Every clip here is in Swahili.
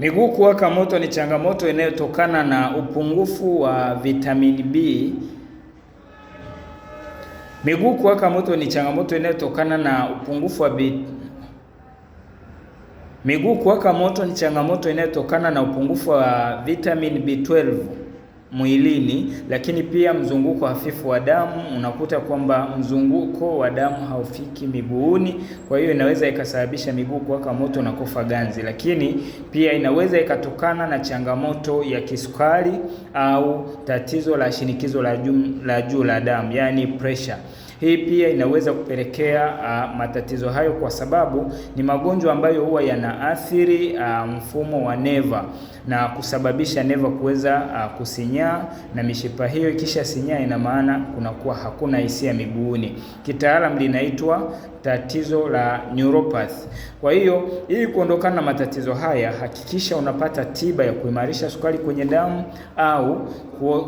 Miguu kuwaka moto ni changamoto inayotokana na upungufu wa vitamini B. Miguu kuwaka moto ni changamoto inayotokana na upungufu wa bit... Miguu kuwaka moto ni changamoto inayotokana na upungufu wa vitamin B12 mwilini, lakini pia mzunguko hafifu wa damu. Unakuta kwamba mzunguko wa damu haufiki miguuni, kwa hiyo inaweza ikasababisha miguu kuwaka moto na kufa ganzi. Lakini pia inaweza ikatokana na changamoto ya kisukari au tatizo la shinikizo la juu la damu, yani pressure. Hii pia inaweza kupelekea uh, matatizo hayo, kwa sababu ni magonjwa ambayo huwa yanaathiri uh, mfumo wa neva na kusababisha neva kuweza uh, kusinyaa, na mishipa hiyo ikisha sinyaa, ina maana kunakuwa hakuna hisia miguuni. Kitaalamu linaitwa tatizo la neuropathy. Kwa hiyo ili kuondokana na matatizo haya, hakikisha unapata tiba ya kuimarisha sukari kwenye damu au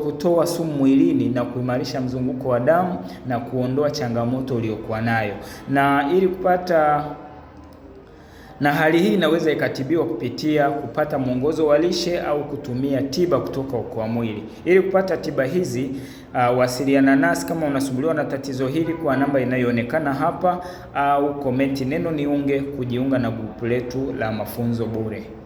kutoa sumu mwilini na kuimarisha mzunguko wa damu na kuondoa kuondoa changamoto uliokuwa nayo, na ili kupata na hali hii inaweza ikatibiwa kupitia kupata mwongozo wa lishe au kutumia tiba kutoka Okoa Mwili. Ili kupata tiba hizi uh, wasiliana nasi kama unasumbuliwa na tatizo hili kwa namba inayoonekana hapa, au komenti neno niunge kujiunga na grupu letu la mafunzo bure.